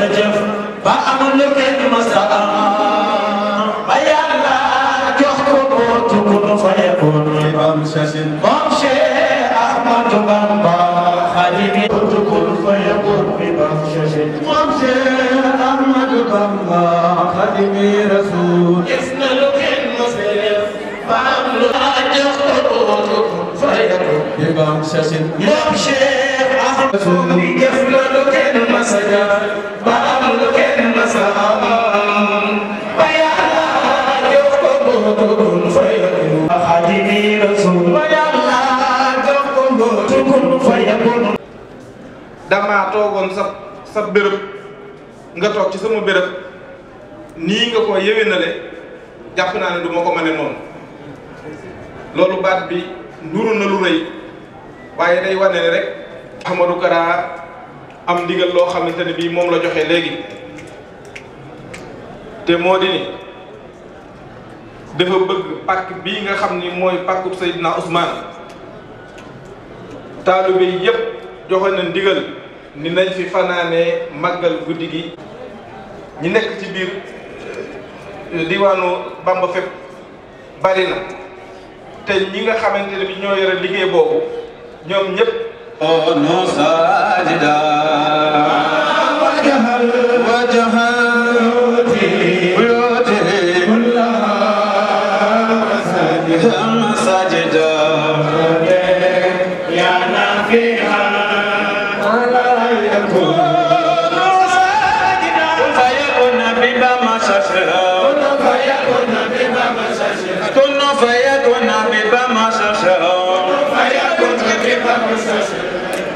na jëf ba amul lu kenn mës a am ba yàlla jox ko bootu ku nu fa yekkoon ni bam sasin moom Cheikh Ahmadou Bamba xadimi bootu ku nu fa yekkoon ni bam sasin moom Cheikh Ahmadou Bamba xadimi rasul gis na lu kenn mës a def ba am lu jox ko bootu ku nu fa yekkoon ni bam sasin moom Cheikh Ahmadou Bamba damaa toogoon sa sa nga toog ci sama bërëb nii nga ko yéwénale jàpp naa ne du ma ko mane noonu loolu baat bi nduru na lu rëy waaye day wane ne rek Ahmadou Kara am ndigal loo xamante ne bii moom la joxee léegi te moo di ni dafa bëgg pàkk bii nga xam ni mooy pàkkub Seydina Ousmane taalibe yi yépp joxe na ndigal ni nañ fi fanaane màggal guddi gi ñi nekk ci biir euh, diwaanu Bamba fépp bari na te ñi nga xamante ne bi ñoo yore liggéey boobu ñoom ñëpp. Oh,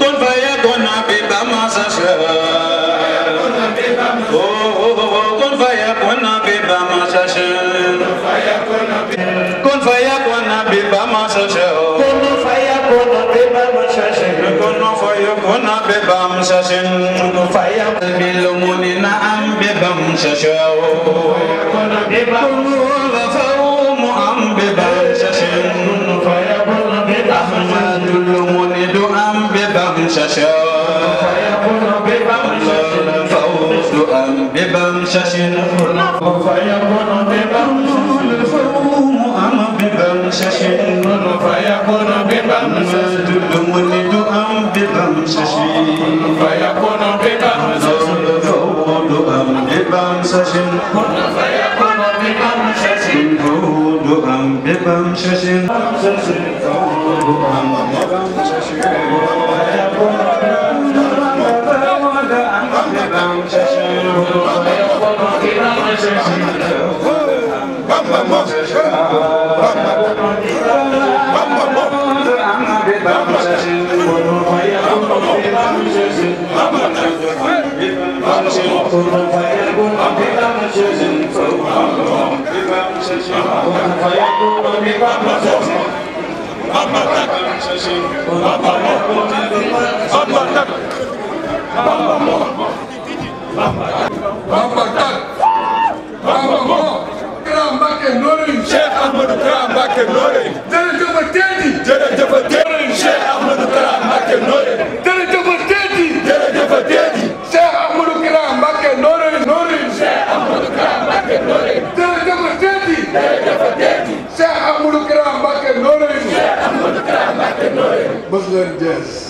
Kun fayakun bima sashaa يكون ببمسس فيقبل من أم ببمسس ويكون فوم أم ببمسس أحمد المند أم ببمسس فوز أم ببمسس فيكون ببمسس فوم أم ببمسس فيكون ببمسس فيكون بممزج الجود أم بممسج كن فيكون بممسج الجود أم بممسج الجود أم بممسج فيكون بممسج Bamba, bamba, bamba. وقل فيكون بما شئتم فوق الله بما شئتم وقل فيكون بما شئتم ربك ربك ربك ربك Muslim Jazz.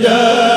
ja